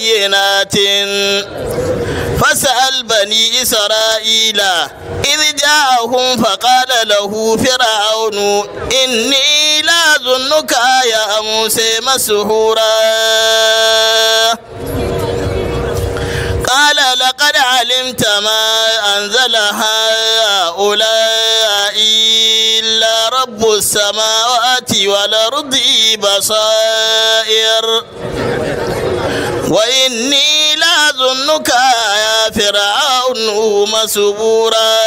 بينات فسأل بني إسرائيل إذ جاءهم فقال له فرعون إني لا ظنك يا موسى مسحورا قال لقد علمت ما أنزل هؤلاء إلا رب السماوات والأرض بصائر وإني لأظنك يا فرعون مسبورا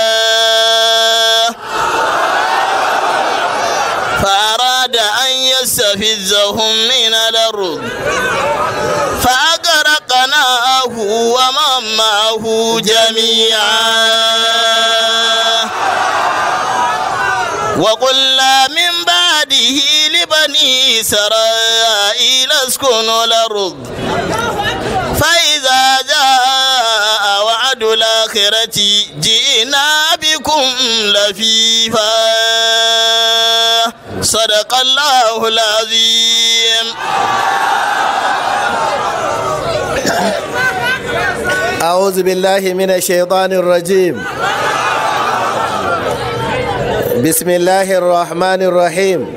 فأراد أن يستفزهم من الأرض فأغرقناه ومن معه جميعا وقلنا من بعده بني إسرائيل اسكنوا الأرض فإذا جاء وعد الآخرة جئنا بكم لفيفا صدق الله العظيم أعوذ بالله من الشيطان الرجيم بسم الله الرحمن الرحيم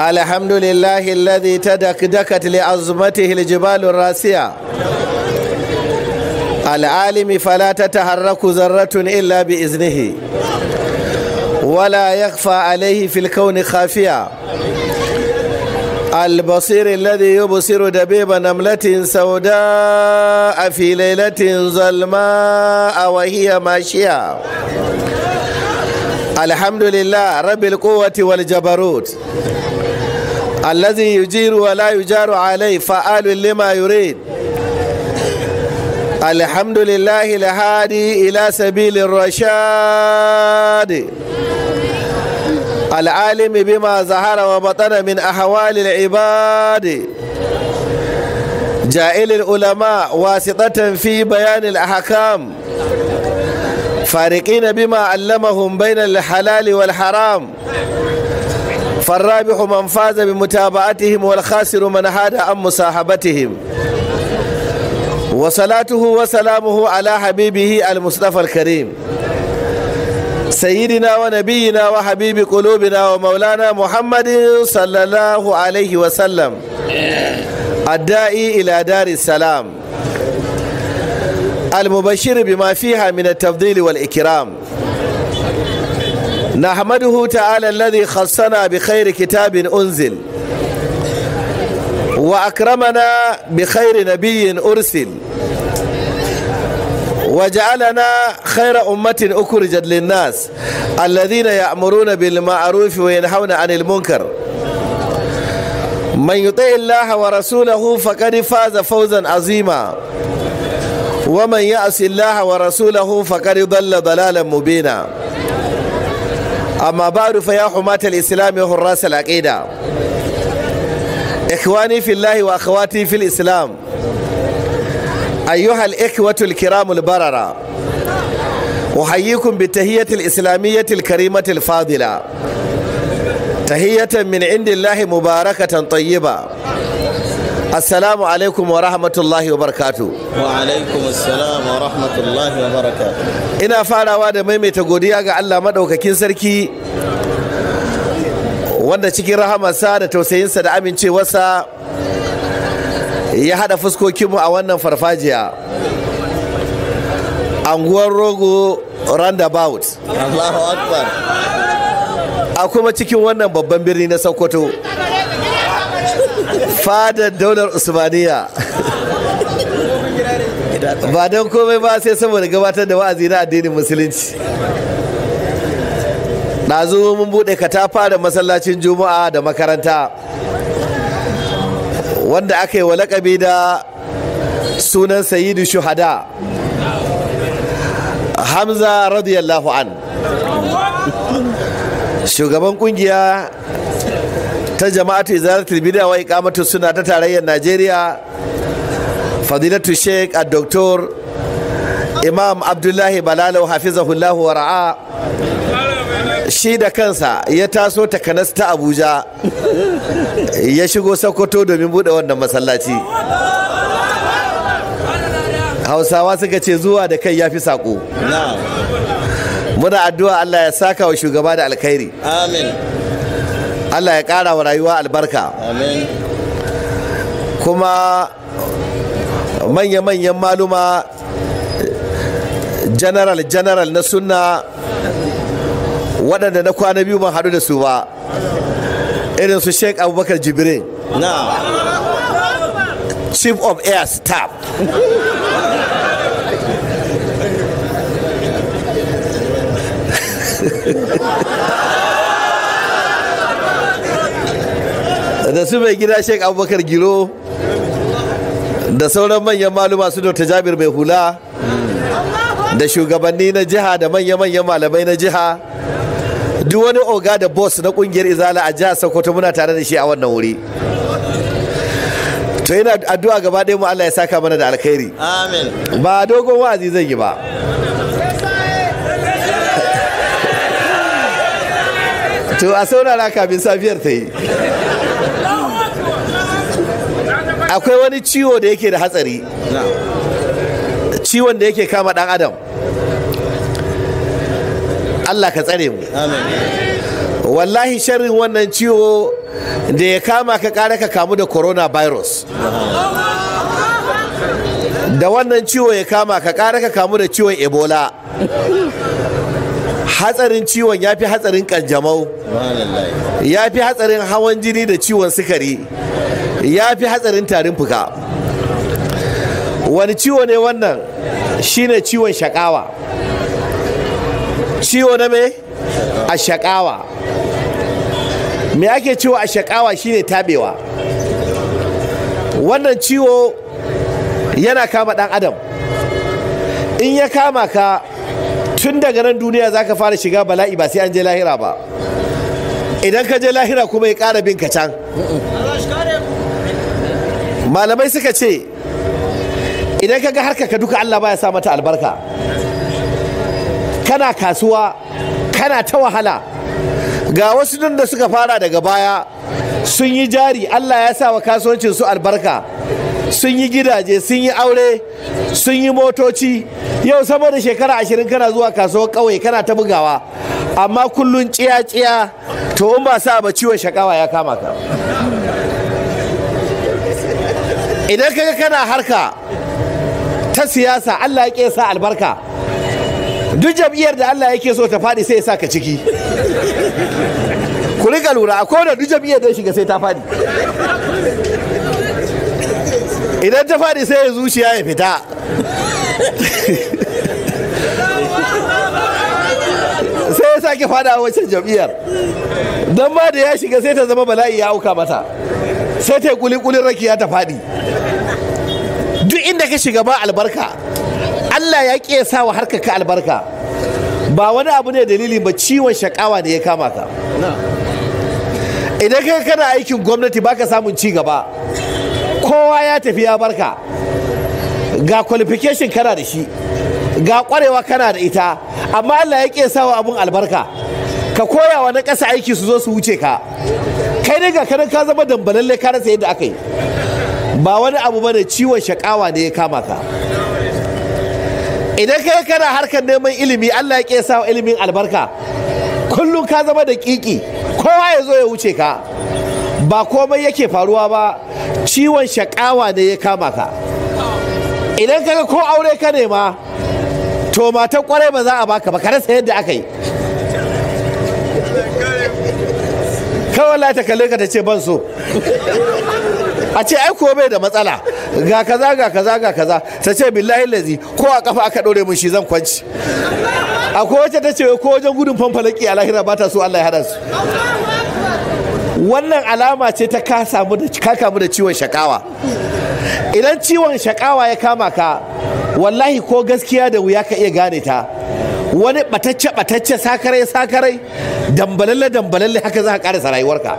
الحمد لله الذي تدكدكت لعظمته الجبال الراسية العالم فلا تتحرك ذرة إلا بإذنه ولا يخفى عليه في الكون خافية البصير الذي يبصر دبيب نملة سوداء في ليلة ظلماء وهي ماشية الحمد لله رب القوة والجبروت allazi yujiru wa la yujaru alai fa'alun lima yurid alhamdulillahi alhadi ila sabilin rashad العالم بما ظهر وبطن من أحوال العباد جائل العلماء واسطة في بيان الأحكام فارقين بما علمهم بين الحلال والحرام فالرابح من فاز بمتابعتهم والخاسر من حاد عن مصاحبتهم وصلاته وسلامه على حبيبه المصطفى الكريم سيدنا ونبينا وحبيب قلوبنا ومولانا محمد صلى الله عليه وسلم الداعي إلى دار السلام المبشر بما فيها من التفضيل والإكرام نحمده تعالى الذي خصنا بخير كتاب أنزل وأكرمنا بخير نبي أرسل وجعلنا خير أمة أخرجت للناس الذين يأمرون بالمعروف وينهون عن المنكر من يطع الله ورسوله فقد فاز فوزا عظيما ومن يعص الله ورسوله فقد ضل ضلالا مبينا Ama ba rufa ya humata islam ya hurrasa laƙida ikwani fillahi wa akhawati fil islam ayyuhal ikwatul kiramul barara uhayyikum bi tahiyyatil islamiyyatil karimatil fadila tahiyyatan min indillahi mubarakatan tayyiba assalamu alaikum wa rahmatullahi wa barakatu wa alaikum assalamu wa rahmatullahi wa barakatu ina farawa da maimaita godiya ga Allah maɗaukakin sarki wanda cikin rahamarsa da tausayinsa da amincewarsa ya haɗa fuskokinmu a wannan farfajiya anguwar rogo roundabout Allahu akbar a kuma cikin wannan babban birni na sokoto fadar daular usmaniya ba don komai ba sai saboda gabatar da wa'azi na addinin musulunci na zo mun buɗe katafa da masallacin juma'a da makaranta wanda aka yi wa lakabi da sunan sayidu shuhada hamza radiyallahu an shugaban kungiya ta jama'atu izalatul bid'a wa iqamatu sunna ta tarayyar Najeriya fadilatu sheik a doktor imam abdullahi balalau hafizahullahu wa ra'a shi da kansa ya taso takanas ta abuja ya shigo sokoto domin bude wannan masallaci hausawa suka ce zuwa da kai ya fi saƙo muna addu'a allah ya saka wa shugaba da alkhairi Allah ya ƙara wa rayuwa albarka kuma manya-manyan maluma general-general na sunna waɗanda na kwana biyu ban haɗu da su ba irin su sheik abubakar Na chief of air staff da su mai gida sheik abubakar giro da sauran manyan maluma su dr jabir mai hula da shugabanni na jiha da manya-manyan malamai na jiha duk wani oga da boss na kungiyar izala a jihar sokoto muna tare da shi a wannan wuri to yana addu'a gaba ɗaya mu Allah ya saka mana da alkhairi amin ba dogon wa'azi zan yi ba to a saurara kafin safiyar ta yi akwai wani ciwo da yake da hatsari ciwon da yake kama dan adam Allah ka tsare mu wallahi sharrin wannan ciwo da ya kama ka kare ka kamu da coronavirus da wannan ciwo ya kama ka kare ka kamu da ciwon ebola hatsarin ciwon ya fi hatsarin kanjamau ya fi hatsarin hawan jini da ciwon sukari ya fi hatsarin tarin fuka wani ciwo ne wannan shine ciwon shakawa ciwo na me a shakawa me ake ciwo a shakawa shine tabewa wannan ciwo yana kama dan adam in ya kama ka tun daga nan duniya za ka fara shiga bala'i ba sai an je lahira ba idan ka je lahira kuma ya kara bin ka can malamai suka ce idan ka ga harka ka duka Allah baya sa mata albarka kana kasuwa kana ta wahala ga wasu nan da suka fara daga baya sun yi jari Allah ya sa wa kasuwancin su albarka sun yi gidaje sun yi aure sun yi motoci yau sama da shekara ashirin kana zuwa kasuwar ƙauye kana ta bugawa amma kullum tsiya-tsiya to in ba sa ba ciwon shakawa ya kama ka idan kaga kana harka ta siyasa Allah ya sa albarka duk jam'iyyar da Allah yake so ta faɗi sai ya sa ka ciki ku rika lura ko da duk jam'iyyar da shiga sai ta faɗi idan ta faɗi sai ya zuciya ya fita sai ya sake faɗa wancan jam'iyyar don ma da ya shiga sai ta zama bala'i ya auka mata sai ta yi kulin rakiya ta faɗi ka shiga ba albarka Allah ya ƙi sa wa harkar ka albarka ba wani abu ne dalili ba ciwon shakawa ne ya kama ka idan kai kana aikin gwamnati baka samun ci gaba kowa ya tafi ya barka ga qualification kana da shi ga kwarewa kana da ita amma Allah ya ƙi sa wa abun albarka ka koya wa na ƙasa aiki su zo su wuce ka kai ne ga kanin ka zama dambalalle ka rasa yadda aka yi ba wani abu bane ciwon shakawa ne ya kama ka idan kai kana harkar neman ilimi Allah ya ke sa ilimin albarka kullum ka zama da kiki kowa ya zo ya wuce ka ba komai yake faruwa ba ciwon shakawa ne ya kama ka idan kaga ko aure ka nema to matan kwarai ba za a baka ba ka rasa yadda aka yi kawai lati ta ka ta ce ban so a ce ai ko bai da matsala ga kaza ga kaza ga kaza ta ce billahi lazi ko a kafa aka dore mun shi zan kwanci akwai wacce ta ce ko wajen gudun fanfalaki a lahira ba ta so Allah ya hada su wannan alama ce ta ka kamu da ciwon shakawa idan ciwon shakawa ya kama ka wallahi ko gaskiya da wuya ka iya gane ta wani batacce batacce sakarai sakarai dambalalle dambalalle haka za ka karasa rayuwarka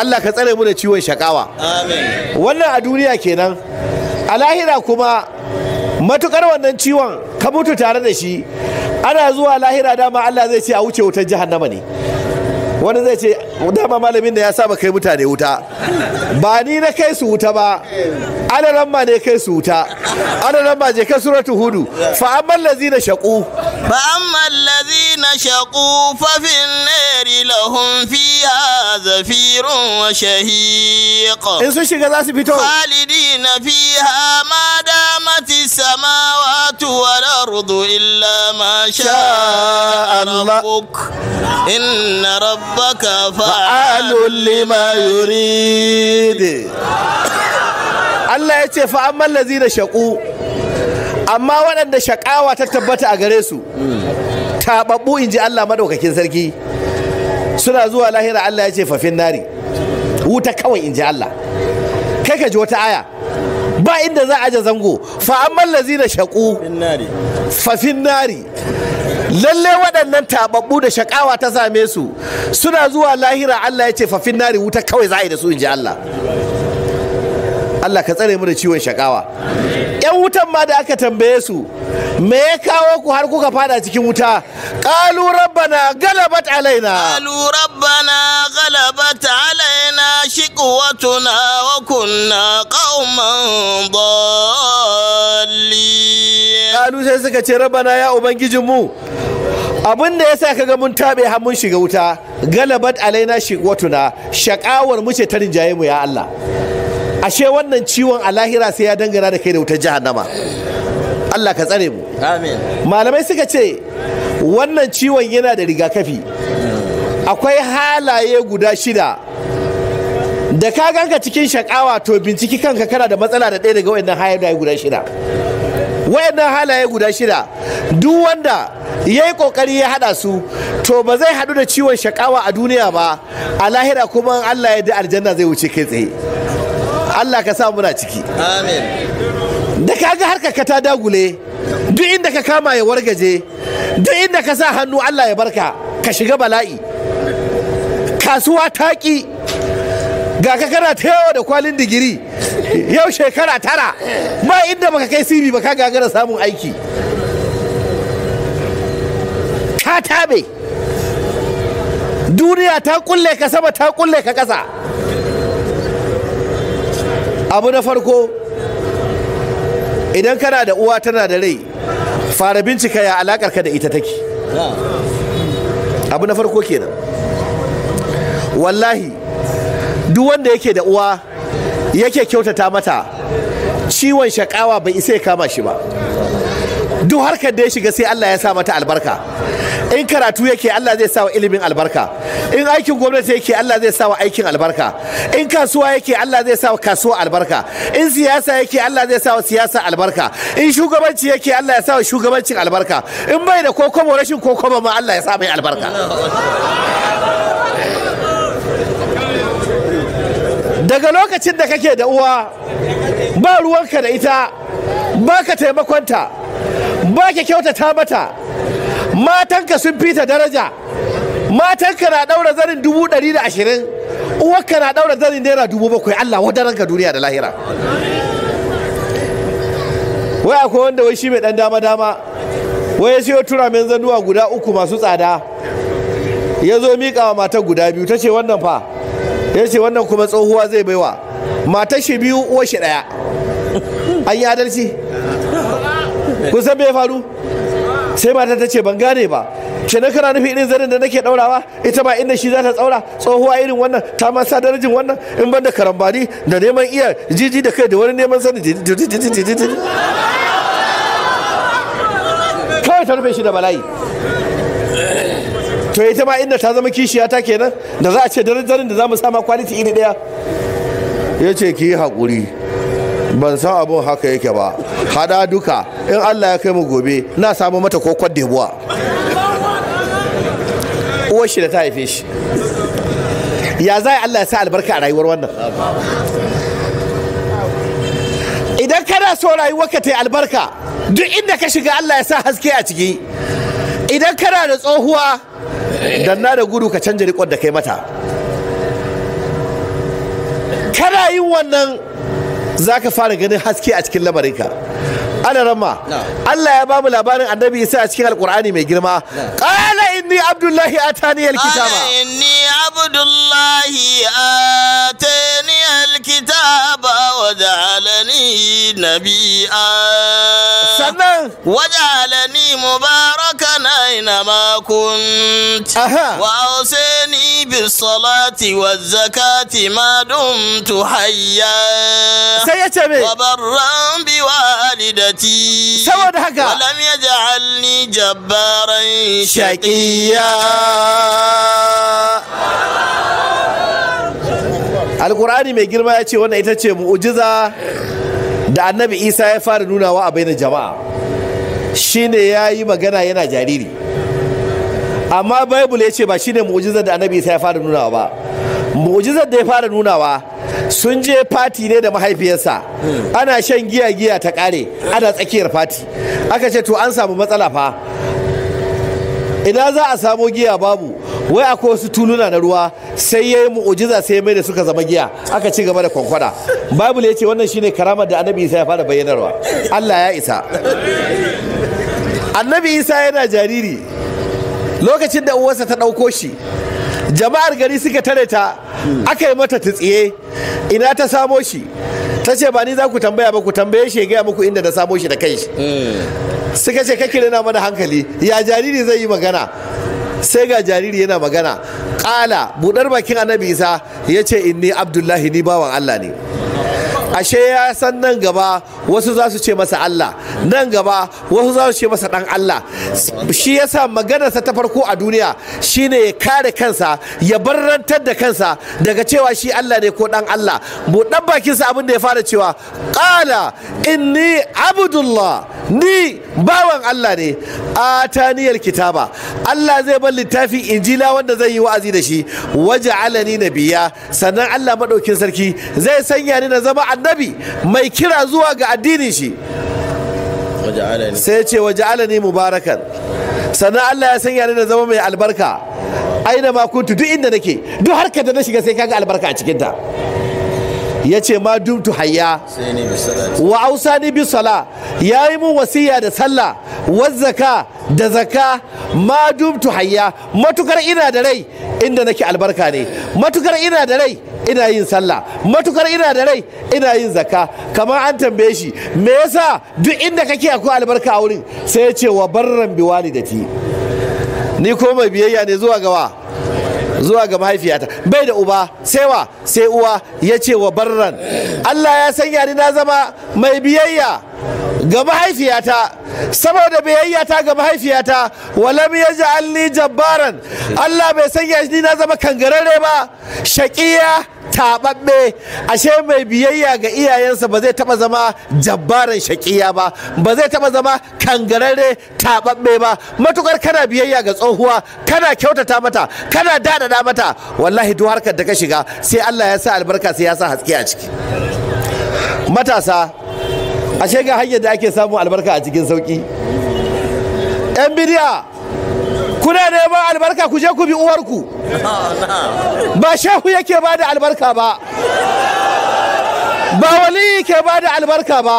Allah ka tsare mu da ciwon shakawa wannan a duniya kenan a lahira kuma matukar wannan ciwon ka mutu tare da shi ana zuwa lahira dama Allah zai ce a wuce wutar jahannama ne wani zai ce dama malamin da ya saba kai mutane wuta ba ni na kai su wuta ba adaran ma ne kai su wuta adaran ma je kai suratu hudu fa amman na shaqu fa amman na shaqu fa fil nari lahum fiha zafirun wa shahiq in sun shiga za su fito khalidina fiha ma damati samawati wal ardu illa ma sha Allah inna rabbaka fa'alu lima yurid Allah ya ce fa amman lazina shaqu amma waɗanda shakawa ta tabbata a gare su taɓaɓɓu in ji Allah maɗaukakin sarki suna zuwa lahira Allah ya ce fafin nari wuta kawai in ji Allah kai ka ji wata aya ba inda za a ja zango fa amman lazina shaqu fafin nari lalle waɗannan taɓaɓɓu da shaƙawa ta same su suna zuwa lahira Allah ya ce fafin nari wuta kawai za a yi da su in ji Allah Allah ka tsare mu da ciwon shaƙawa. yan wutan ma da aka tambaye su me ya kawo ku har kuka fada cikin wuta qalu rabbana galabat alaina qalu rabbana galabat alaina shiqwatuna wa kunna qauman hannu sai suka ce rabana ya ubangijin mu abin da ya sa kaga mun taɓe hannun mun shiga wuta galabat alaina watuna, shakawar mu ce ta rinjaye mu ya Allah ashe wannan ciwon a lahira sai ya dangana da kai da wutar jahannama Allah ka tsare mu malamai suka ce wannan ciwon yana da rigakafi akwai halaye guda shida da ka ganka cikin shakawa to binciki kanka kana da matsala da ɗaya daga wayannan halaye guda shida wayannan halaye guda shida duk wanda ya yi kokari ya hada su to ba zai hadu da ciwon shakawa a duniya ba a lahira kuma Allah ya da aljanna zai wuce kai tsaye Allah ka sa muna ciki amin da ka ga harka ka ta dagule duk inda ka kama ya wargaje duk inda ka sa hannu Allah ya barka ka shiga bala'i kasuwa ta ki ga ka kana ta yawa da kwalin digiri yau shekara tara ba inda baka kai cv baka ka gagara samun aiki ka tabe duniya ta kulle ka sama ta kulle ka kasa abu na farko idan kana da uwa tana da rai fara bincika ya alakar ka da ita take abu na farko kenan wallahi duk wanda yake da uwa yake kyautata mata ciwon shakawa bai isa ya kama shi ba duk harkar da ya shiga sai Allah ya sa mata albarka in karatu yake Allah zai sa wa ilimin albarka in aikin gwamnati yake Allah zai sa wa aikin albarka in kasuwa yake Allah zai sa wa kasuwa albarka in siyasa yake Allah zai sa wa siyasa albarka in shugabanci yake Allah ya sa wa shugabancin albarka in bai da kokobo rashin kokobo ma Allah ya sa mai albarka daga lokacin da kake da uwa ba ruwanka da ita ba ka taimakonta ba ka kyautata mata matanka sun fita daraja matanka na daura zanin dubu ɗari da ashirin uwarka na daura zanin naira dubu bakwai allah ka duniya da lahira wai akwai wanda wai shi mai dan dama dama wai ya siyo turamin zanuwa guda uku masu tsada ya zo miƙa wa matar guda biyu ta ce wannan fa ya ce wannan kuma tsohuwa zai baiwa matar shi biyu uwar shi ɗaya an yi adalci kun san me ya faru sai mata ta ce ban gane ba ke na kana nufi irin zanin da nake daurawa ita ba inda shi za ta tsaura tsohuwa irin wannan ta ma sa darajin wannan in ban da karambani da neman iya jiji da kai da wani neman sani kawai ta rufe shi da bala'i to ita ma inda ta zama kishiya ta kenan da za a ce daren da za mu sama kwaliti iri daya ya ce ki yi haƙuri ban san abin haka yake ba hada duka in allah ya kai mu gobe na samu mata kokon buwa uwar shi da ta haife shi ya za allah ya sa albarka a rayuwar wannan idan kana so ka ta yi albarka duk inda ka shiga allah ya sa haske a ciki idan kana da tsohuwa na da gudu ka canja rikon da kai mata kana yin wannan za ka fara ganin haske a cikin lamarinka ana rama Allah ya ba mu labarin annabi isa a cikin alkur'ani mai girma qala inni abdullahi atani alkitaba inni عبد الله آتاني الكتاب وجعلني نبيا وجعلني مباركا أينما كنت وأوصيني بالصلاة والزكاة ما دمت حيا وبرا بوالدتي ولم يجعلني جبارا شقيا alkur'ani mai girma ya ce wannan ita ce mu'ujiza da annabi isa ya fara nunawa a bainar jama'a shine ya yi magana yana jariri amma bible ya ce ba shine mu'ujizar da annabi isa ya fara nunawa ba mu'ujizar da ya fara nunawa sun je fati ne da mahaifiyarsa ana shan giya giya ta kare ana tsakiyar fati aka ce to an samu matsala fa ina za a samo giya babu wai akwai wasu tuluna na ruwa sai ya yi mu'ujiza sai mai da suka zama giya aka ci gaba da kwankwada bible ya ce wannan shine karamar da annabi isa ya fara bayyanarwa allah ya isa annabi isa yana jariri lokacin da uwarsa ta ɗauko shi jama'ar gari suka tare ta aka yi mata ta tsiye ina ta samo shi ta ce ba ni za ku tambaya ba ku tambaye shi ya gaya muku inda ta samo shi da kai mm. suka ce kake rena mana hankali ya jariri zai yi magana sai ga jariri yana magana ƙala buɗar bakin annabi isa ya ce inni abdullahi ni bawan allah ne ashe ya san nan gaba wasu za su ce masa Allah nan gaba wasu za su ce masa dan Allah shi yasa maganarsa ta farko a duniya shine ya kare kansa ya barrantar da kansa daga cewa shi Allah ne ko dan Allah bakin bakinsa abin da ya fara cewa qala inni abdullah ni bawan Allah ne taniyar kitaba Allah zai bar littafin injila wanda zai yi wa'azi da shi waje alani nabiya sannan Allah madaukin sarki zai sanya ni na zama annabi mai kira zuwa ga addinin shi sai ce waje alani mubarakan sannan Allah ya sanya ni da zama mai albarka aina ma kuntu duk inda nake duk harkar da na shiga sai kaga albarka a cikinta ya ce ma dumtu hayya wa ni bi sala ya yi mun wasiya da sallah wa zaka da zaka ma dumtu hayya matukar ina da rai inda nake albarka ne matukar ina da rai ina yin sallah matukar ina da rai ina yin zaka kamar an tambaye shi me yasa duk inda kake akwai albarka a wurin sai ya ce wa barran bi walidati ni ko mai biyayya ne zuwa gawa zuwa ga mahaifiyata bai da uba sai wa sai uwa ya ce wa barran Allah ya sanya ni na zama mai biyayya ga mahaifiyata saboda biyayyata ga mahaifiyata walam alli jabbaran Allah bai sanya ni na zama kangarare ba shaqiya taɓaɓɓe ashe mai biyayya ga iyayensa ba zai taɓa zama jabbaran shaƙiya ba ba zai taɓa zama kangararre taɓaɓɓe ba matukar kana biyayya ga tsohuwa kana kyautata mata kana daɗaɗa mata wallahi duk harkar da ka shiga sai Allah ya sa albarka sai ya sa haske a ciki matasa ashe ga hanyar da ake samun albarka a cikin sauki yan bidiya kuna neman albarka ku je ku bi uwarku ba shehu yake ba da albarka ba ba wali ke ba da albarka ba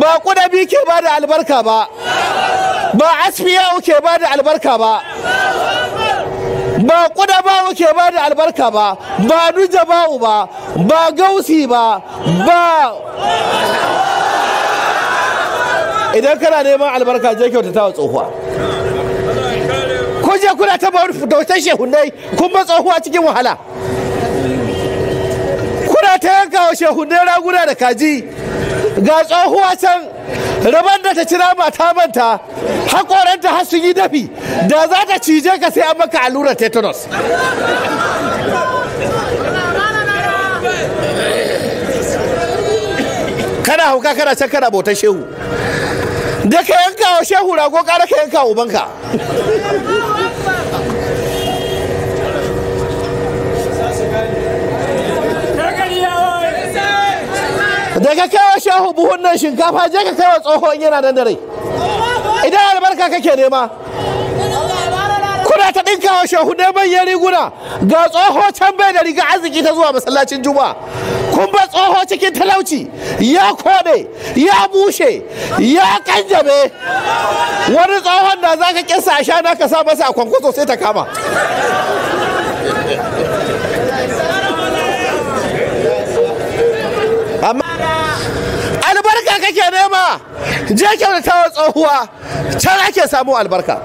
ba kudabi ke ba da albarka ba ba asfiya ke ba da albarka ba ba kuda ba ke ba da albarka ba ba duja ba ba ba gausi ba ba idan kana neman albarka je kyautata wa tsohuwa ko je kuna ta ba dautar shehunai kun ba tsohuwa cikin wahala kuna ta yanka wa shehunai raguna da kaji ga tsohuwa can rabar da ta cira ba ta manta hakoranta har sun yi dafi da za ta cije ka sai an maka allurar tetanus kana hauka kana can kana bautar shehu da ka yanka wa shehu rago kara ka yanka ubanka Daga kawo shehu buhun nan shinkafa je ka kai wa tsohon yana nan da rai idan albarka kake nema kuna ta ɗinka wa shehu neman ya riguna ga tsoho can bai da riga arziki ta zuwa masallacin juma'a kun ba tsoho cikin talauci ya kone ya bushe ya kanjame wani tsohon da za ka kisa a shana ka sa masa a kwankwaso sai ta kama kake nema je kyautata wa tsohuwa can ake samu albarka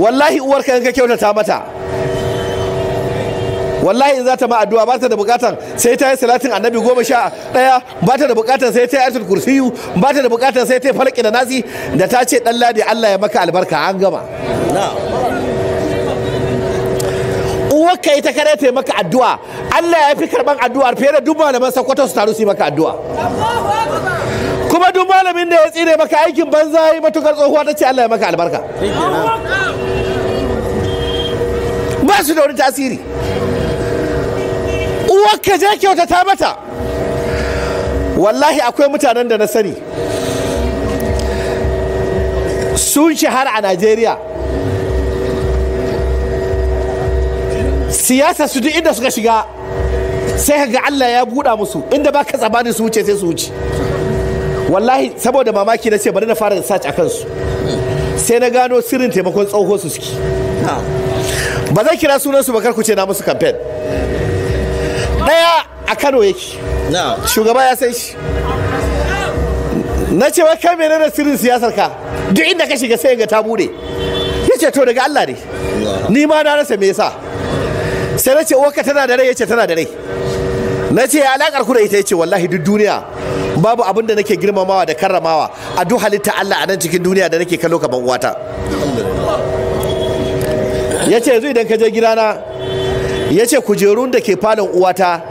wallahi uwarka in ka kyautata mata wallahi in za ta ma addu'a ba ta da bukatan sai ta yi salatin annabi goma sha ɗaya ba ta da bukatan sai ta yi ayatul kursiyu ba ta da bukatan sai ta yi falaki da nasi da ta ce dan ladi Allah ya maka albarka an gama uwar uwarka ta kare ta yi maka addu'a Allah ya fi karban addu'a fiye da duk malaman sakwato su taru su yi maka addu'a kuma duk malamin da ya tsire maka aikin banza yi matukar tsohuwa ta ce Allah ya maka albarka ba su da wani tasiri ka je kyautata mata wallahi akwai mutanen da na sani sun shahara a najeriya siyasa su duk inda suka shiga sai ga Allah ya buɗa musu inda ba ka tsabanin su wuce sai su wuce wallahi saboda mamaki na ce bari na fara research a kansu sai na gano sirrin taimakon tsoho su suke ba zai kira sunansu ba kar ku ce na musu campaign daya a kano yake shugaba ya san shi na ce wa kai menene sirrin siyasar ka duk inda ka shiga sai ga ta bude ya ce to daga Allah ne ni ma na rasa me yasa sai na ce uwarka tana da rai ya ce tana da rai na ce alakar ku da ita ya ce wallahi duk duniya babu abin da nake girmamawa da karramawa a duk halitta Allah a nan cikin duniya da nake kallo kamar uwata ya ce yanzu idan ka je gidana ya ce kujerun da ke falon uwata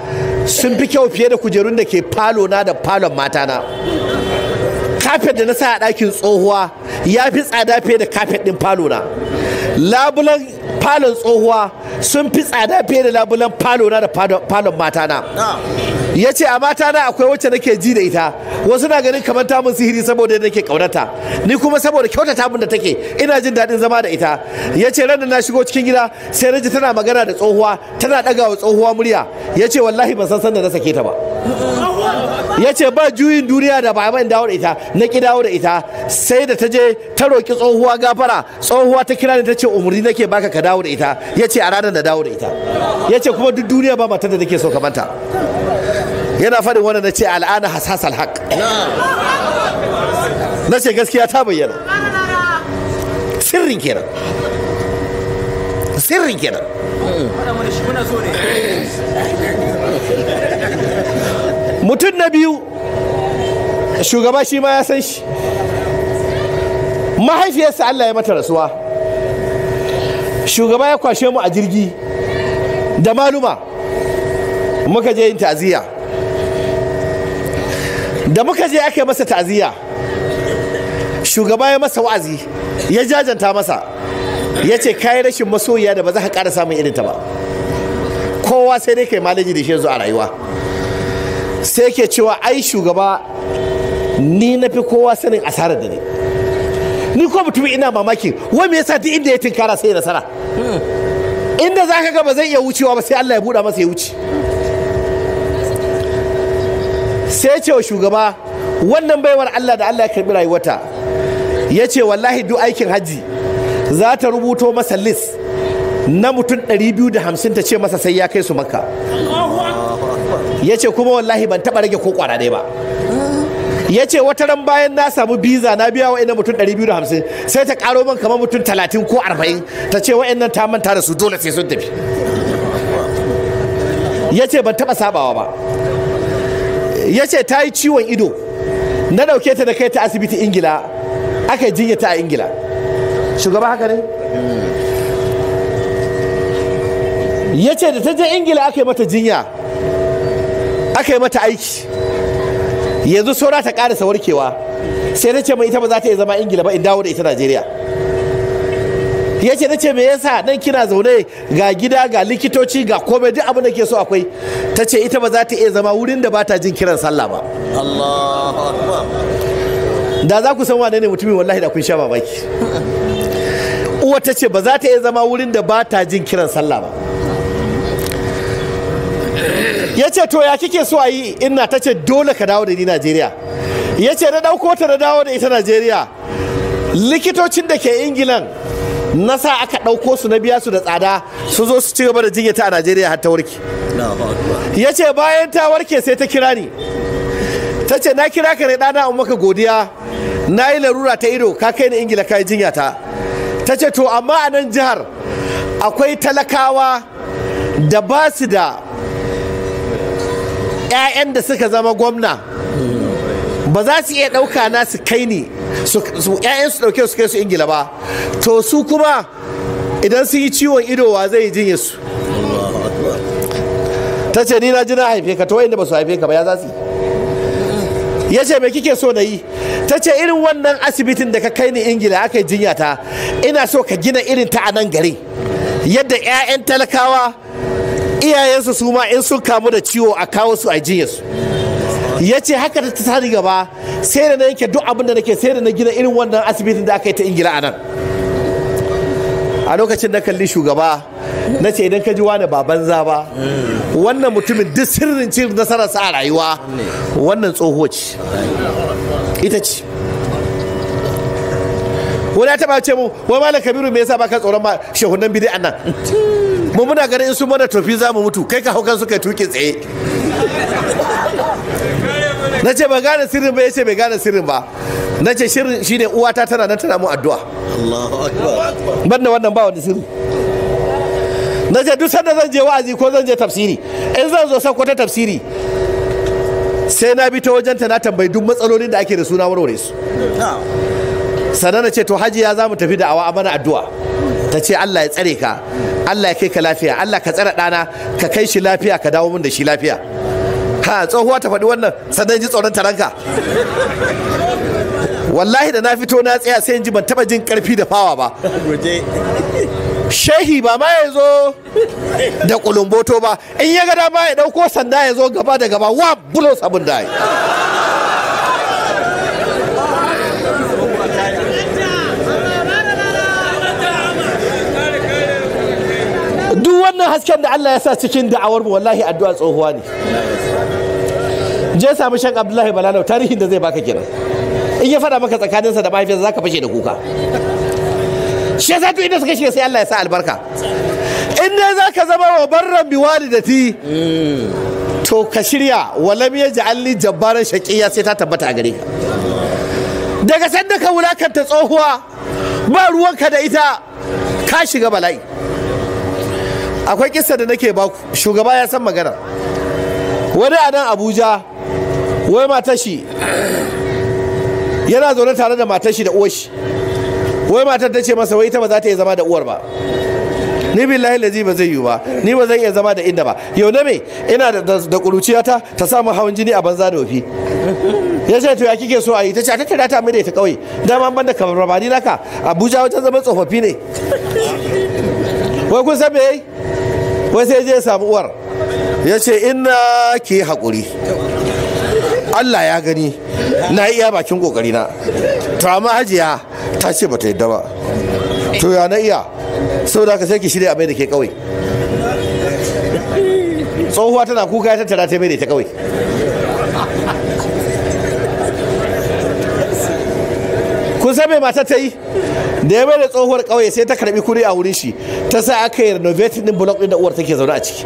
sun fi kyau fiye da kujerun da ke falona da falon matana kafet da na sa a dakin tsohuwa ya fi tsada fiye da kafet ɗin falona labulan falon tsohuwa sun fi tsada fiye da labulan falona da falon matana ya ce a mata na akwai wacce nake ji da ita wasu na ganin kamar ta mun sihiri saboda nake kaunata ni kuma saboda kyautata mun da take ina jin daɗin zama da ita ya ce ran na shigo cikin gida sai naji tana magana da tsohuwa tana ɗaga wa tsohuwa murya ya ce wallahi ban san sanda na sake ta ba ya ce ba juyin duniya da ba man dawo da ita na ki dawo da ita sai da ta je ta roki tsohuwa gafara tsohuwa ta kira ni ta ce umarni nake baka ka dawo da ita ya ce a ranar da dawo da ita ya ce kuma duk duniya ba matar da nake so kamanta yana faɗin wani na ce al'ana hasas alhaq na ce gaskiya ta bayyana sirrin kenan sirrin kenan mutum na biyu shugaba shi ma ya san shi mahaifiyarsa Allah ya mata rasuwa shugaba ya kwashe mu a jirgi da maluma muka je yin ta'aziyya da muka je aka masa ta'aziyya shugaba ya masa wa'azi ya jajanta masa ya ce kayi rashin masoyiya da ba za ka ƙara samun irin ta ba kowa sai dai kai malaji da shi yanzu a rayuwa sai ke cewa ai shugaba ni na fi kowa sanin asarar da ne ni ko mutum ina mamaki wai me yasa duk inda ya tinkara sai nasara inda za ka ga ba zai iya wucewa ba sai Allah ya buɗa masa ya wuce sai ce wa shugaba wannan baiwar Allah da Allah ya karbi rayuwata ya ce wallahi duk aikin hajji za ta rubuto masa lis.' na mutum 250 ta ce masa sai ya kai su maka. ya ce kuma wallahi ban taɓa rage ko kwara dai ba ya ce wata ran bayan na samu biza na biya wa ina mutum 250 sai ta karo man kamar mutum 30 ko 40 ta ce wa'annan ta manta da su dole sai sun tafi ya ce ban taɓa sabawa ba ya ce ta yi ciwon ido na dauke ta da kai ta asibiti ingila aka jinya ta a ingila shugaba haka ne ya ce da ta je ingila aka yi mata jinya aka yi mata aiki yanzu saura ta karasa warkewa sai na ce mai ita ba za ta iya zama ingila ba in dawo da ita najeriya ya ce nace me yasa dan kina zaune ga gida ga likitoci ga komai duk abin da ke so akwai ta ce ita ba za ta iya zama wurin da ba ta jin kiran sallah ba da za ku san wane ne mutumin wallahi da kun sha babaki. uwa ta ce ba za ta iya zama wurin da ba ta jin kiran sallah ba ya ce to ya kike so a yi ina ta ce dole ka dawo da ni najeriya ya ce na ɗauko ta na dawo da ita najeriya likitocin da ke ingilan na sa aka ɗauko su na biya su da tsada su zo su ci gaba da jinyata a najeriya har ta warke ya ce bayan ta warke sai ta kira ni ta ce na kira ka ne ɗana an maka godiya na yi larura ta ido ka kai ni ingila ka yi jinyata ta ce to amma a nan jihar akwai talakawa da ba su da 'ya'yan da suka zama gwamna ba za su iya ɗauka na su kai ne su ƴaƴan su ɗauke su kai su ingila ba to su kuma idan sun yi ciwon ido wa zai jinye su ta ce ni na ji na haife ka to inda ba su haife ka ba ya za su ya ce me kike so na yi ta ce irin wannan asibitin da ka kai ni ingila aka yi jinya ta ina so ka gina irin ta a nan gare yadda 'ya'yan talakawa iyayensu su ma in sun kamu da ciwo a kawo su a jinya su ya ce haka da ta sani gaba sai da na yanke duk abin da nake sai da na gina irin wannan asibitin da aka yi ta ingila a nan a lokacin na kalli shugaba na ce idan ka ji wani ba banza ba wannan mutumin duk sirrin cin nasararsa a rayuwa wannan tsoho ce ita ce wani ya taba ce mu wai malam kabiru me yasa baka tsoron ma shehunan bid'a nan mu muna ganin in su mana tofi za mu mutu kai ka hau kansu kai tuki tsaye na ce ba gane sirrin ba ya ce bai gane sirrin ba na ce shirin shine uwata tana nan tana mu addu'a ban da wannan ba wani sirri na ce duk sanda zan je wa'azi ko zan je tafsiri in zan zo sako ta tafsiri sai na bi ta wajen ta na tambayi duk matsalolin da ake da suna warware su sannan na ce to ya za mu tafi da awa a mana addu'a ta ce Allah ya tsare ka Allah ya kai ka lafiya Allah ka tsare ɗana ka kai shi lafiya ka dawo min da shi lafiya ha tsohuwa ta faɗi wannan sannan ji tsoron taranka wallahi da na fito na tsaya sai in ji ban taba jin karfi da fawa ba shehi ba ma ya zo da kulumboto ba in ya gada ba ya ɗauko sanda ya zo gaba da gaba wa bulo sabon da duk wannan hasken da Allah ya sa cikin da'awar mu wallahi addu'a tsohuwa ne je samu shan abdullahi balalau tarihin da zai baka kenan in ya fada maka tsakaninsa da mahaifiyarsa ka fashe da kuka shi ya duk inda suka shiga sai Allah ya sa albarka in dai ka zama wa barran biwali da ti to ka shirya walam ya alli jabbaran shaqiya sai ta tabbata a gare ka daga sanda ka wulakanta tsohuwa ba ruwanka da ita ka shiga bala'i akwai kissa da nake baku shugaba ya san magana wani a nan abuja wai matar yana zaune tare da matar shi da uwar shi wai matar ta ce masa wai ita ba za ta iya zama da uwar ba ni billahi lazi ba zai yi ba ni ba zan iya zama da inda ba yau na me ina da kuruciyata ta samu hawan jini a banza da wafi ya ce to ya kike so a yi ta ce ta tara ta mai da ita kawai dama ban da kamar rabani naka abuja wajen zaman tsofaffi ne wai kun san me wai sai je samu uwar ya ce ina ke haƙuri Allah ya gani na iya bakin kokari na to amma hajiya ta ce bata yadda ba to ya na iya saboda ka sai ki shirya mai da ke kawai tsohuwa tana kuka ya tattara ta mai da ta kawai kun san mai mata ta yi da ya mai da tsohuwar kawai sai ta karbi kuri a wurin shi ta sa aka yi renovating din block din da uwar take zaune a ciki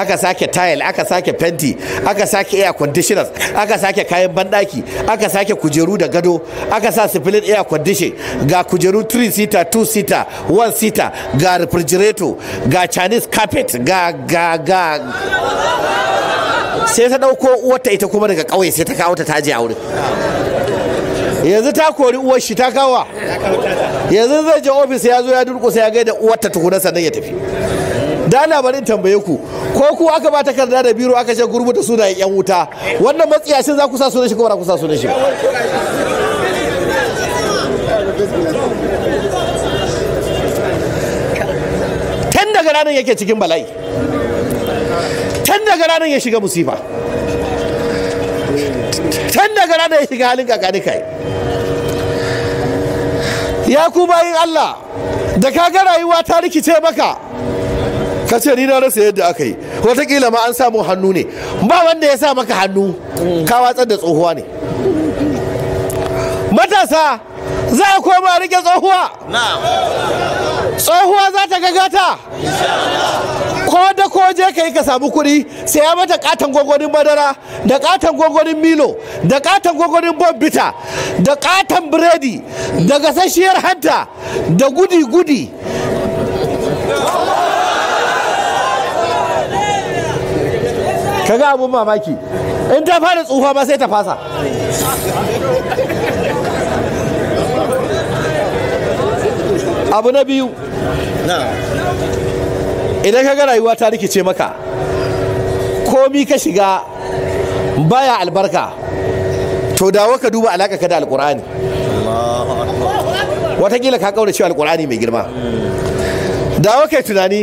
aka sake tile aka sake fenti aka sake air conditioners aka sake kayan banɗaki aka sake kujeru da gado aka sa split air condition ga kujeru 3 seater 2 seater 1 seater ga refrigerator ga chinese carpet ga ga ga sai ta ɗauko uwarta ita kuma daga ƙauye sai ta kawo ta taji a wurin yanzu ta kori uwar shi ta kawa yanzu zai je ofis ya zo ya durƙusa ya gaida uwarta tukuna sannan ya tafi da na bari tambaye ku ko ku aka ba takarda da biro aka ce gurbu da sunayen yan wuta wannan matsiyashin za ku sa sunan shi ko ba ku sa sunan shi tun daga ranar yake cikin bala'i tun daga ranar ya shiga musifa tun daga ranar ya shiga halin kakani kai ya ku bayin Allah da ka ga rayuwa ta rikice maka ka ce ni na rasa yadda aka yi wataƙila ma an samu hannu ne ba wanda ya sa maka hannu ka watsar da tsohuwa ne matasa za a koma rike tsohuwa tsohuwa za ta gagata ko da ko je ka yi ka samu kuɗi sai ya mata katon gwagwarin madara da katon gwagwarin milo da katon gwagwarin bombita da katon biredi da gasasshiyar hanta da gudi-gudi kaga abun mamaki in ta fara tsufa ba sai ta fasa abu na biyu idan kaga rayuwa ta rikice maka komi ka shiga baya albarka to dawo ka duba alaka ka da alkur'ani watakila ka kaura cewa alkur'ani mai girma dawo kai tunani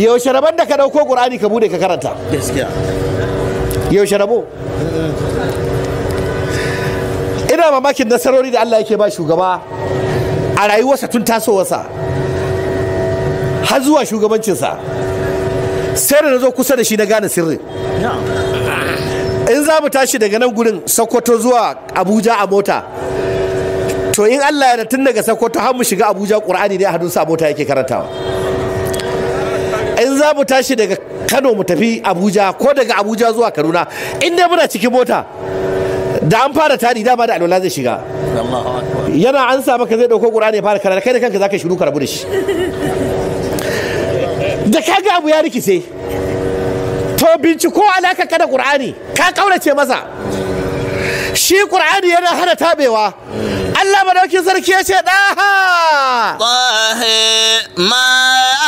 yaushe rabon da ka ɗauko ƙur'ani ka bude ka karanta yaushe rabo ina mamakin nasarori da Allah yake ba shugaba a rayuwarsa tun tasowarsa har zuwa shugabancinsa sai da na zo kusa da shi na gane sirri in za mu tashi daga nan gurin sokoto zuwa abuja a mota to in allah yana tun daga sokoto har mu shiga abuja ƙur'ani ne a hannunsa a mota yake karantawa in za mu tashi daga kano mu tafi abuja ko daga abuja zuwa kaduna in dai muna cikin mota da an fara tari dama da alwala zai shiga yana an sa maka zai dauko qur'ani ya fara karanta kai da kanka zaka shiru karabu da shi da kaga abu ya rikice to binciko alaka kada qur'ani ka kaurace masa shi qur'ani yana hana tabewa Allah madaukin sarki ya ce ha ma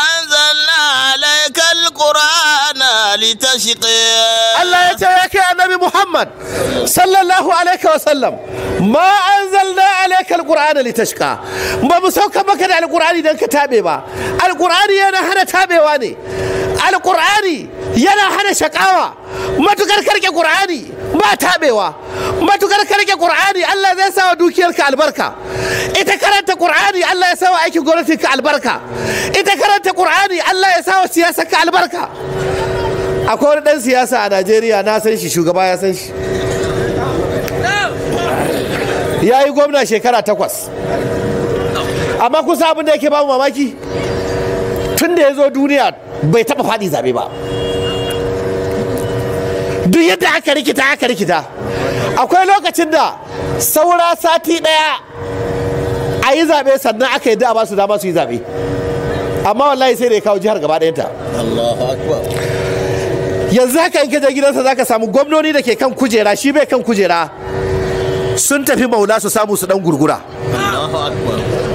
anzalna alaikal qur'an لتشقى الله annabi Muhammad, sallallahu alaihi wa الله عليه وسلم ما أنزلنا عليك ba mu sauka maka da Alqur'ani القرآن ka كتابي ba, Alqur'ani yana hana تابي ne, Alqur'ani yana hana shakawa matukar karke qur'ani ba tabewa matukar karke qur'ani Allah zai sawa dukiyarka albarka ita karanta qur'ani Allah ya sawa aikin ka albarka ita karanta qur'ani Allah ya sawa ka albarka akwai wani dan siyasa a najeriya na san shi shugaba ya san shi ya yi gwamna shekara takwas amma kusa abin da yake bamu mamaki tun da ya zo duniya bai taba faɗi zabe ba duk yadda aka rikita aka rikita akwai lokacin da saura sati ɗaya a yi zaɓe sannan aka yi da ba su dama su yi zaɓe amma wallahi sai da ya kawo jihar gaba ɗayanta yanzu haka in ka je gidansa ka samu gwamnoni da ke kan kujera shi bai kan kujera sun tafi maula su samu su dan gurgura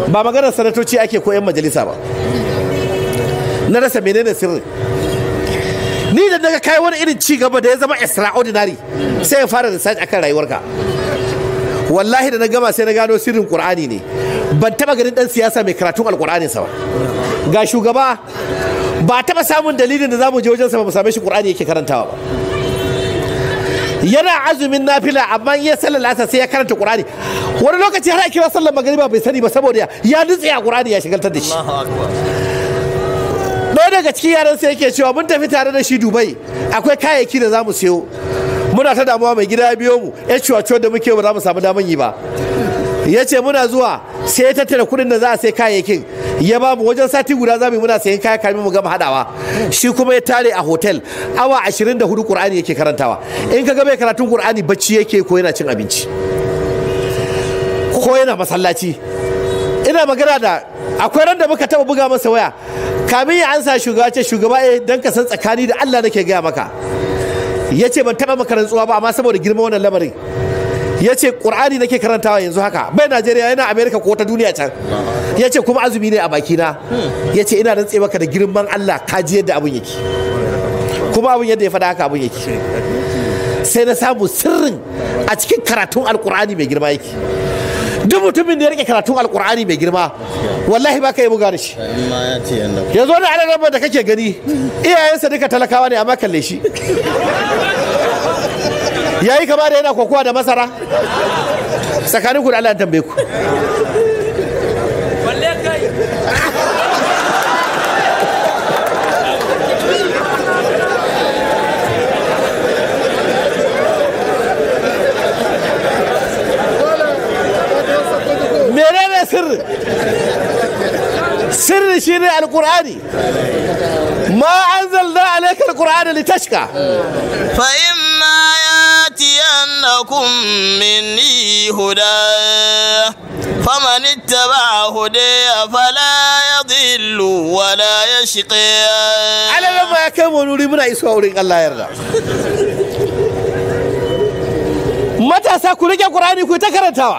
ba maganar sanatoci ake ko 'yan majalisa ba na rasa menene sirri ni da daga kai wani irin ci gaba da ya zama extraordinary sai ya fara research akan rayuwarka wallahi da na gama sai na gano sirrin qur'ani ne ban taba ganin dan siyasa mai karatun alqur'ani sa ba ga shugaba ba taɓa samun dalilin da zamu mu je sa ba mu same shi qur'ani yake karantawa ba yana azumin nafila amma ya sallar lasa sai ya karanta qur'ani wani lokaci har ake sallar magariba bai sani ba saboda ya nutse a qur'ani ya shigaltar da shi ɗaya daga cikin yaran sai yake cewa mun tafi tare da shi dubai akwai kayayyaki da zamu mu siyo muna ta damuwa mai gida ya biyo mu ya ciwaciwa da muke ba za mu samu daman yi ba ya ce muna zuwa sai ya tattara kuɗin da za a sai kayayyakin ya ba mu wajen sati guda za mu muna sayan kaya kamin mu gama hadawa shi kuma ya tare a hotel awa 24 qur'ani yake karantawa in ka ga bai karatun qur'ani bacci yake ko yana cin abinci ko yana masallaci ina magana da akwai ran da muka taba buga masa waya kamin ya ansa shugaba ce shugaba eh dan ka san tsakani da Allah nake gaya maka yace ban taba maka rantsuwa ba amma saboda girman wannan lamarin ya ce ƙur'ani nake karantawa yanzu haka bai najeriya yana amerika ko ta duniya can ya ce kuma azumi ne a bakina ya ce ina rantse maka da girman allah ka yadda abin yake kuma abin yadda ya fada haka abin yake sai na samu sirrin a cikin karatun alƙur'ani mai girma yake duk mutumin da ya rike karatun alkur'ani mai girma wallahi ba ka yi buga da shi yanzu wani alalar da kake gani iyayensa duka talakawa ne amma kalle shi yayi kama da yana kokowa da masara tsakanin ku da Allah tambaye ku balle kai menene sirri sirri shine alqur'ani ma anzalna alayka alqur'ana litashka fa imma ya لأنكم مني هدى فمن اتبع هدي فلا يضل ولا يشقي على لما كم ولولي من يسوع الله يرضى matasa ku rike Qur'ani ku ta karantawa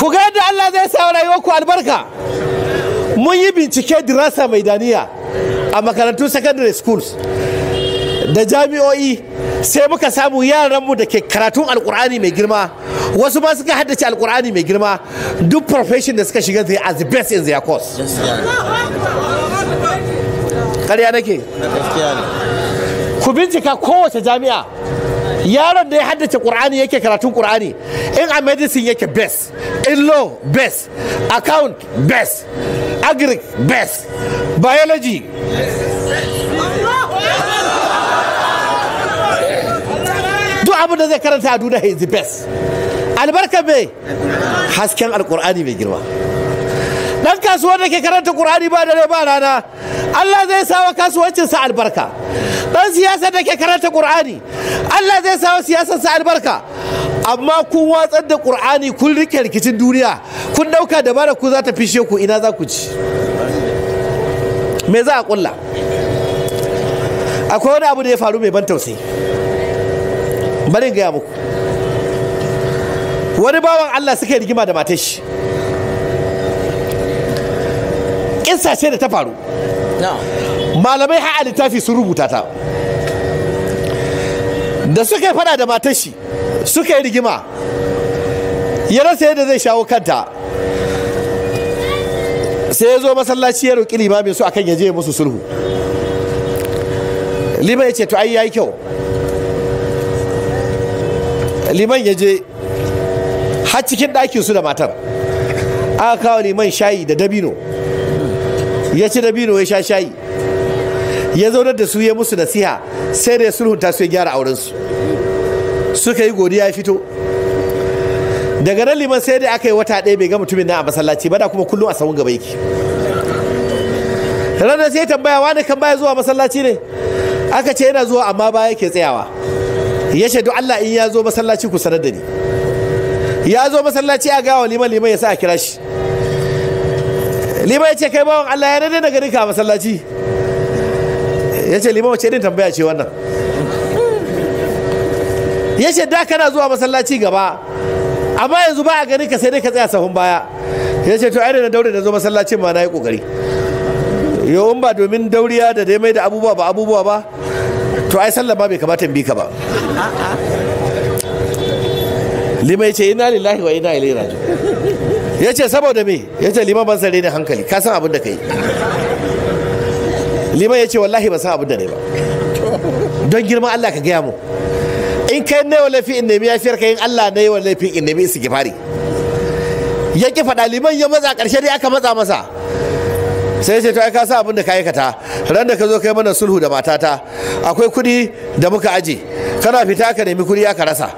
ku ga yadda Allah zai sa rayuwar ku albarka mun yi bincike dirasa mai daniya a makarantun secondary school. da jami'o'i sai muka samu yaranmu da ke karatun alkur'ani mai girma wasu ma suka haddace alkur'ani mai girma duk profession da suka shiga zai as the best in their course ƙarya nake ku bincika kowace jami'a yaron da ya haddace qur'ani yake karatun ƙur'ani in a medicine yake best in law best account best agric best biology duk abin da zai karanta a duniya is the best albarka me? hasken alkur'ani mai girma dan kasuwar da ke karanta qur'ani ba dare ba rana Allah zai sawa kasuwancinsa albarka dan siyasar da ke karanta qur'ani Allah zai sawa siyasarsa albarka amma kun watsar da qur'ani kun rike rikicin duniya kun dauka dabara ku za ta fishe ku ina za ku ci me za a kulla akwai wani abu da ya faru mai ban tausayi bari gaya muku wani bawan Allah suke rigima da matar shi kinsa ce da ta faru malamai har a littafi sun rubuta ta da suka fada da matar shi suka rigima ya rasa yadda zai shawo kanta sai ya zo masallaci ya roƙi limamin su akan ya je musu sulhu liman ya ce to ai yi kyau liman ya je har cikin ɗakin su da matar aka kawo liman shayi da dabino ya ci dabino ya sha shayi ya zaunar da su ya musu nasiha sai da ya sulhunta su ya gyara aurensu suka yi godiya ya fito daga nan liman sai da aka yi wata ɗaya bai ga mutumin na a masallaci ba da kuma kullum a samun gaba yake ranar sai tambaya wani kan baya zuwa masallaci ne aka ce yana zuwa amma baya yake tsayawa ya ce Allah in ya zo masallaci ku sanar da ni ya zo masallaci a gawa liman liman ya sa a kira shi liman ya ce kai bawan Allah ya dade daga nika masallaci ya ce liman wace din tambaya ce wannan ya ce da kana zuwa masallaci gaba amma yanzu ba a gani ka sai dai ka tsaya sahun baya ya ce to ai na daure da zo masallacin ma na yi kokari yau in ba domin dauriya da daimai da abubuwa ba abubuwa ba to ai sallah ba bai kamata bi ka ba liman ce ina lillahi wa ina ilai raju Ya ce saboda me Ya ce liman ban sare ne hankali ka san abin da ka yi. liman ce wallahi ba san abin da ne ba don girman Allah ka gaya mu in kai ne wa laifin in nemi fiyar ka yi Allah ne wa laifin in nemi fari. ya ki faɗa liman ya matsa ƙarshe dai aka matsa masa sai ce to ai ka sa abin da ka aikata ran da ka zo kai mana sulhu da matata akwai kudi da muka aje kana fita ka nemi kudi aka rasa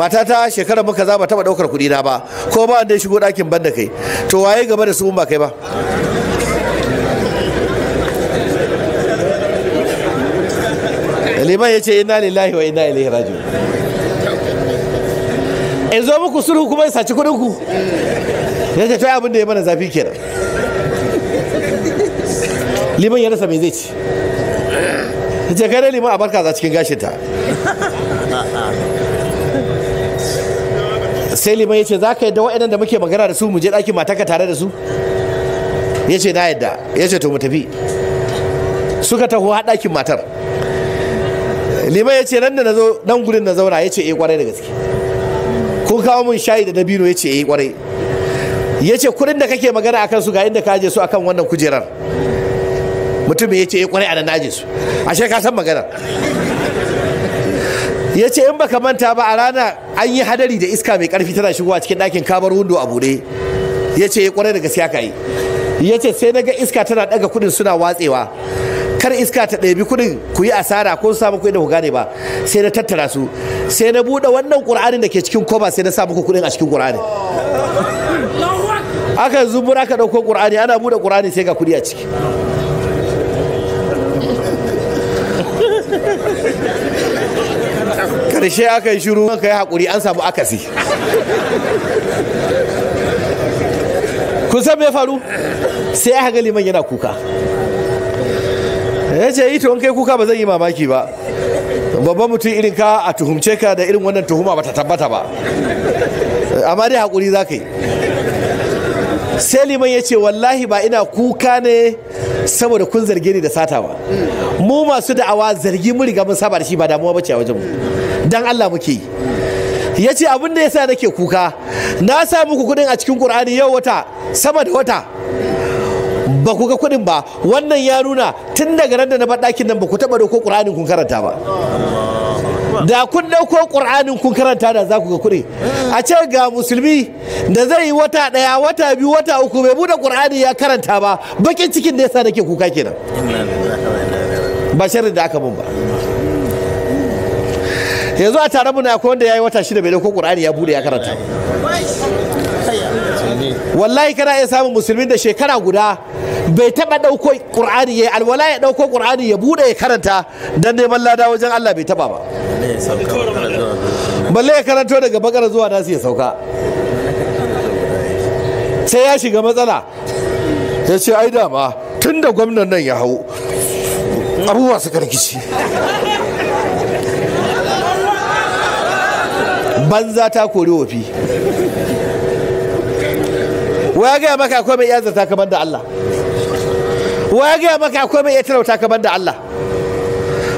matata shekarar muka za ba taɓa ɗaukar kuɗi na ba ko ba wanda ya shigo dakin banda kai to waye gaba da su ba kai ba liman ya ce inna lillahi wa inna ilaihi raji'un in zo muku sulhu kuma ya saci kuɗin ku ya ce to abin da ya mana zafi kenan liman ya rasa mai zai ci ta ce kare liman a barka za cikin gashinta sai liman ya ce za ka yadda waɗannan da muke magana da su mu je ɗakin mataka tare da su ya ce na yadda ya ce to mu tafi suka taho a ɗakin matar liman ya ce nan da na zo nan gudun na zauna ya ce eh kwarai da gaske kun kawo min shayi da dabino ya ce eh kwarai ya ce kuɗin da kake magana akan su ga inda ka aje su akan wannan kujerar Mutum ya ce ya eh, kwarai a nan naji su ashe ka san magana ya ce in baka manta ba a rana an yi hadari da iska mai karfi tana shigowa cikin ɗakin kamar wundo a buɗe ya ce ya eh, kwarai da gaskiya ka yi ya ce sai na ga iska tana ɗaga kudin suna watsewa kar iska ta ɗabi kudin ku yi asara ko su samu da ku gane ba sai na tattara su sai na buɗe wannan ƙur'anin da ke cikin koba sai na sa muku kuɗin a cikin ƙur'anin aka zubura ka ɗauko ƙur'ani ana buɗe ƙur'ani sai ga kuɗi a ciki karshe aka yi shiru ka yi haƙuri an samu akasi kun san me faru sai aka ga liman yana kuka ya ce yi in kai kuka ba zan yi mamaki ba babban mutum irin ka a tuhumce ka da irin wannan tuhuma ba ta tabbata ba amma dai haƙuri za ka yi sai liman ya ce wallahi ba ina kuka ne saboda kun zarge ni da sata ba mu masu da'awa zargi mun riga mun saba da shi ba damuwa bace a wajen mu dan Allah muke yi ya ce abin da ya sa nake kuka na sa muku a cikin ƙur'ani yau wata sama da wata ba ku ga kudin ba wannan ya nuna tun daga nan da na ɗakin nan ba ku taɓa dauko ƙur'anin kun karanta ba da kun ɗauko ƙur'anin kun karanta da za ku ga kuɗi a ce ga musulmi da zai yi wata ɗaya wata biyu wata uku bai buɗe ƙur'ani ya karanta ba bakin cikin da ya yasa nake kuka kenan ba sharri da aka mun ba yanzu a tare muna akwai wanda ya yi wata shida bai dauko qur'ani ya bude ya karanta wallahi kana iya samun musulmin da shekara guda bai taba dauko qur'ani ya alwala ya dauko qur'ani ya bude ya karanta dan neman lada wajen Allah bai taba ba balle ya karanto daga bakara zuwa nasu ya sauka sai ya shiga matsala ya ce ai dama tun da gwamnan nan ya hau abubuwa su rikici banza ta kori wofi wa ya gaya maka akwai mai iya zata kamar da Allah wa ya gaya maka akwai mai iya talauta kamar da Allah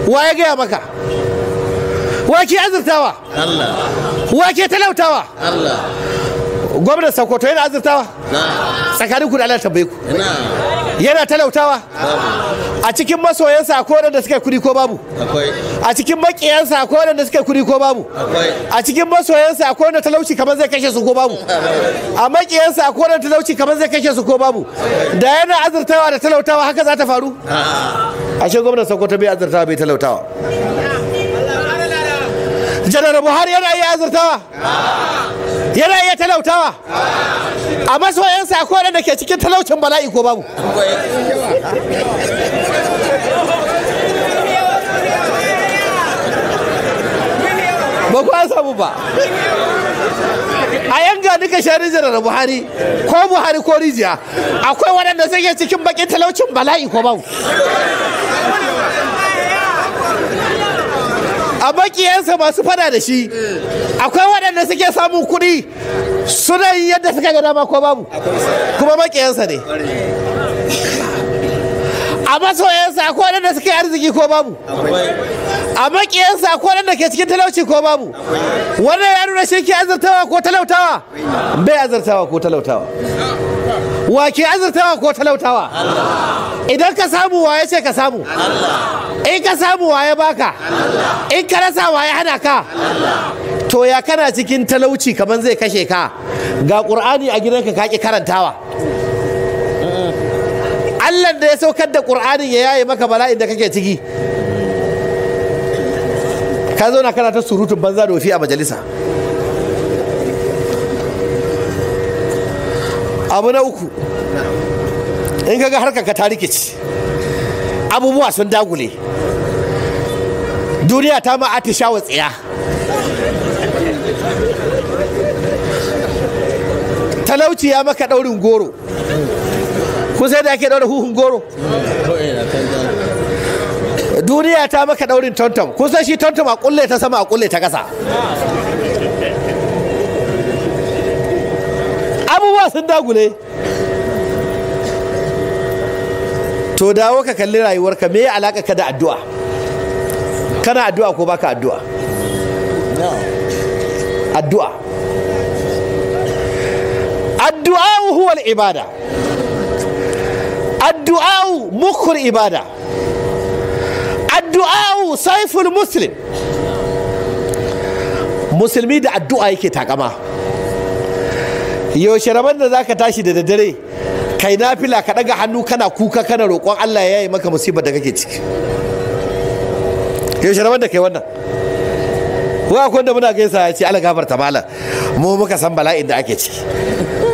wa ya gaya maka wa ke azurtawa Allah wa ke talautawa Allah gwamnan Sokoto yana azurtawa tsakanin ku da Allah tambaye ku yana talautawa a cikin masoyansa akwai da suka kudi ko babu a cikin makiyansa akwai da suka kudi ko babu a cikin masoyansa ko da talauci kamar zai kashe su ko babu a makiyansa ko da talauci kamar zai kashe su ko babu da yana azurtawa da talautawa haka za ta faru ashe gwamnan sokoto bai azurtawa bai talautawa janar buhari yana iya azurtawa yana iya talautawa a masoyansa sako da ke cikin talaucin bala'i ko babu ba ku an samu ba a yan gani ka shari janar buhari ko buhari ko rijiya akwai waɗanda suke cikin bakin talaucin bala'i ko babu a makiyansa masu fada da shi akwai waɗanda suke samun kuɗi suna yi yadda suka ga dama ko babu kuma makiyansa ne a masoyansa akwai waɗanda suke arziki ko babu a makiyansa akwai waɗanda ke cikin talauci ko babu wannan ya nuna shi ke azartawa ko talautawa bai azartawa ko talautawa wa ke azurtawa ko talautawa idan ka samu waye ce ka samu in ka samu waye baka in ka rasa waye hana ka to ya kana cikin talauci kamar zai kashe ka ga ƙur'ani a gidanka ka ki karantawa mm. Allah da ya saukar da ƙur'anin ya yaye maka bala'in da kake ciki ka zauna kana ta surutun banza da wafi a majalisa abu na uku in kaga harkar ka ta rikici abubuwa sun dagule duniya ta ma atishawa tsiya talauci ya maka daurin goro kun sai da ake daura huhun goro duniya ta maka daurin tantam kun san shi tantam a kulle ta sama a kulle ta kasa sun dagule to dawo ka kalli rayuwarka me ya alaka ka da addu'a kana addu'a ko baka addu'a addu'a addu'a huwa ibada addu'a mukhur ibada addu'a saiful muslim musulmi da addu'a yake takama yaushe rabar da zaka tashi da daddare kai nafila ka daga hannu kana kuka kana roƙon Allah ya yi maka musibar da kake ciki yaushe rabar da kai wannan wa akwai da muna gaisa ya ce Allah gafarta malam mu muka san bala'in da ake ciki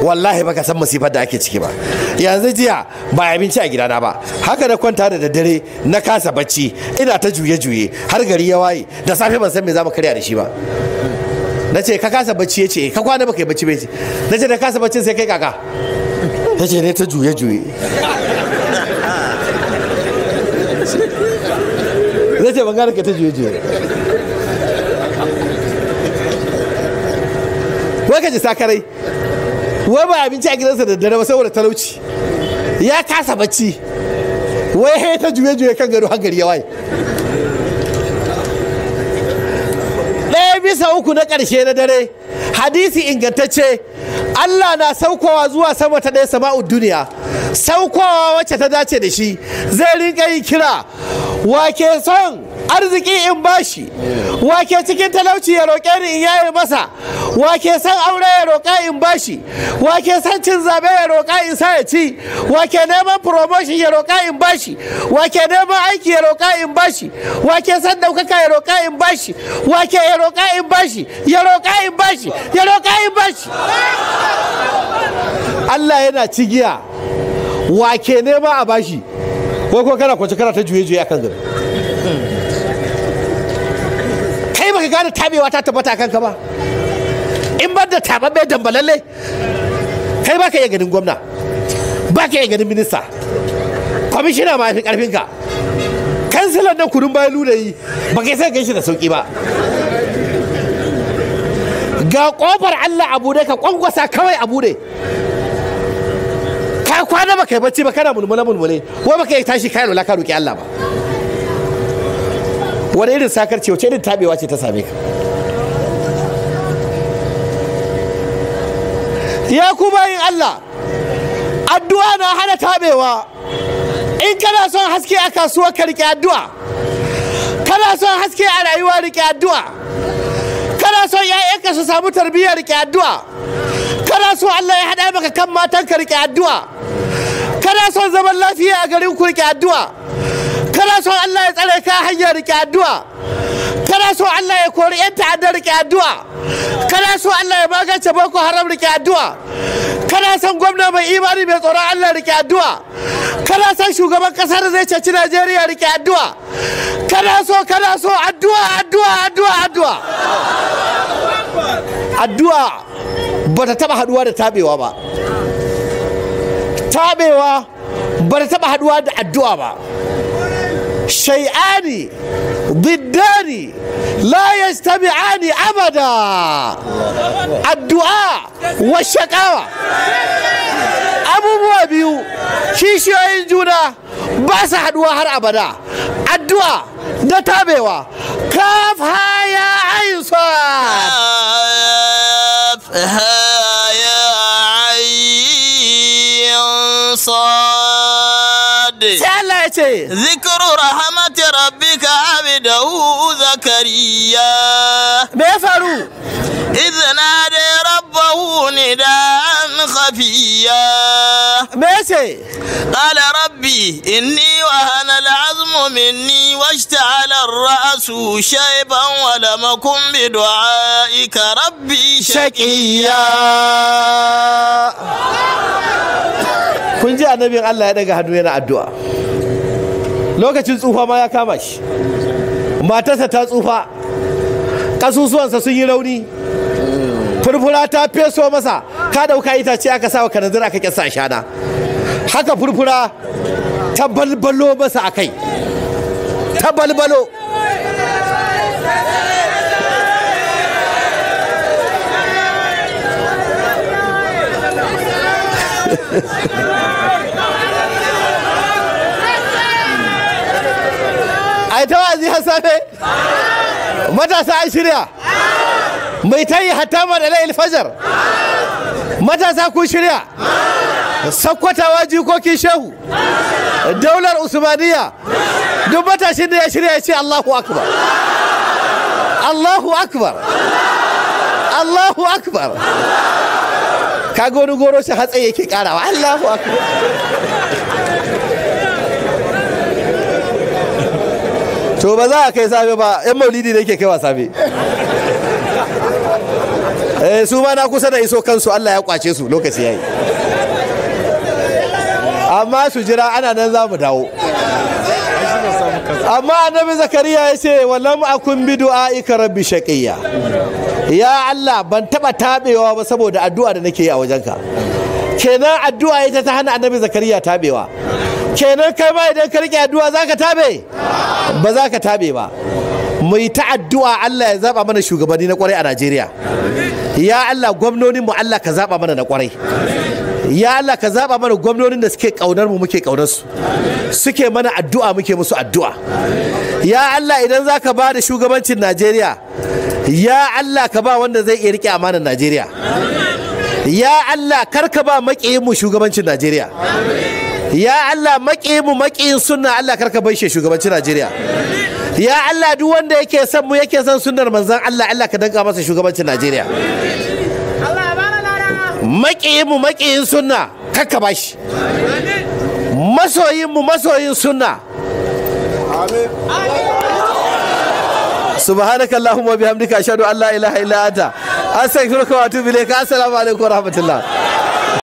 wallahi baka san masifar da ake ciki ba yanzu jiya ba abinci a gidana ba haka na kwanta da daddare na kasa bacci ina ta juye-juye har gari ya waye da safe ban san me za mu karya da shi ba na ce ka kasa bacci ya ce eh, ka kwana baka yi bacci bai ce na ce da kasa bacci sai kai kaka ta ce ne ta juye juye na ce ban gane ka ta juye juye wai ka ji sakarai wai ba abinci a gidansa da dare ba saboda talauci ya kasa bacci wai ta juye juye kan gado hankali ya waye bisa uku na ƙarshe na dare hadisi ingantacce Allah na saukowa zuwa sama ta ɗaya sama'ud duniya saukowa wacce ta dace da shi zai rinka yi kira wake son arziki in bashi wake cikin talauci ya roƙe ni in yaye masa wake san aure ya roƙa in bashi wake san cin zabe ya roƙa in sa ya ci wake neman promotion ya roƙa in bashi wake neman aiki ya roƙa in bashi wake san daukaka ya roƙa in bashi wake ya roƙa in bashi ya roƙa in bashi ya roƙa in bashi Allah yana cigiya wake nema a bashi ko ko kana kwace kana ta juye juye akan gari gane tabewa ta tabbata kanka ba in ban da tababbe dambalalle kai ba ka iya ganin gwamna ba ka iya ganin minista kwamishina ma fi karfinka kansilan na kudin bayan lura yi ba kai sai gaishe da sauki ba ga kofar Allah abu dai ka kwangwasa kawai abu ne ka kwana ba kai bacci ba kana mulmule mulmule wai ba kai tashi kayan lola ka roƙi Allah ba wani irin ce wace irin tabewa ce ta same ka ya ku bayin Allah addu'a na hana tabewa in kana son haske a kasuwa ka rike addu'a kana son haske a rayuwa rike addu'a kana son ya'yanka su samu tarbiyya rike addu'a kana son Allah ya haɗa maka kan matanka rike addu'a kana son zaman lafiya a garin ku rike addu'a kana so Allah ya tsare ka hanyar rike addu'a kana so Allah ya kori yan ta'adda rike addu'a kana so Allah ya magance boko haram rike addu'a kana son gwamna mai imani mai tsoron Allah rike addu'a kana son shugaban kasa da zai ceci Najeriya rike addu'a kana so kana so addu'a addu'a addu'a addu'a addu'a ba ta taba haduwa da tabewa ba tabewa ba ta taba haduwa da addu'a ba شيئان ضدان لا يجتمعان ابدا الدعاء والشقاوة ابو ابيو شيشو انجونا بس حدوا هر ابدا الدعاء نتابعوا كاف ها يا صاد كاف هيا ايه ذكر رحمة ربك زكريا بيفروا إذ نادى ربه نداء خفيا بيتي قال ربي إني وهن العظم مني واشتعل الرأس شيبا ولم أكن بدعائك ربي شقيا كنت أنا بيقال الله يدعى هدوية الدعاء lokacin tsufa ma ya kama shi matarsa ta tsufa ƙasusuwansa sun yi rauni furfura ta feso masa ka ɗauka itace aka sawa kanadar aka kyasa shana haka furfura ta balbalo masa a kai ta balbalo ai ta wa'azi har safe matasa an shirya mai ta hatama hatta madala ilfajar matasa kun shirya sakkwatawa jikokin shehu daular usmaniya duk matashin da ya shirya ya ce allahu akbar allahu akbar allahu akbar Ka goro goro shi hatsayi yake karawa allahu akbar to ba za a kai safe ba yan maulidi ne ke kaiwa safe eh su ma na kusa da iso kansu Allah ya kwace su lokaci yayi amma su jira ana nan za mu dawo amma annabi zakariya ya ce walam akun bi du'aika rabbi shaqiyya ya Allah ban taba tabewa ba saboda addu'a da nake yi a wajenka kenan addu'a ita ta hana annabi zakariya tabewa kenan kai ma idan ka rike addu'a zaka tabe ba za ka tabe ba mu yi ta addu'a Allah ya zaba mana shugabanni na kwarai a Najeriya ya Allah gwamnonin mu Allah ka zaba mana na kwarai ya Allah ka zaba mana gwamnonin da suke kaunar mu muke kaunar su suke mana addu'a muke musu addu'a ya Allah idan zaka ba da shugabancin Najeriya ya Allah ka ba wanda zai iya rike amanar Najeriya ya Allah kar ka ba makiyin mu shugabancin Najeriya ya Allah maƙi mu maƙiyin sunna Allah karka baishe shugabancin Najeriya ya Allah duk wanda yake son mu yake son sunnar manzon Allah Allah ka danka masa shugabancin Najeriya maƙiyin mu maƙiyin sunna karka bashi masoyin mu masoyin sunna سبحانك اللهم وبحمدك اشهد ان لا اله الا انت استغفرك واتوب اليك السلام عليكم ورحمه الله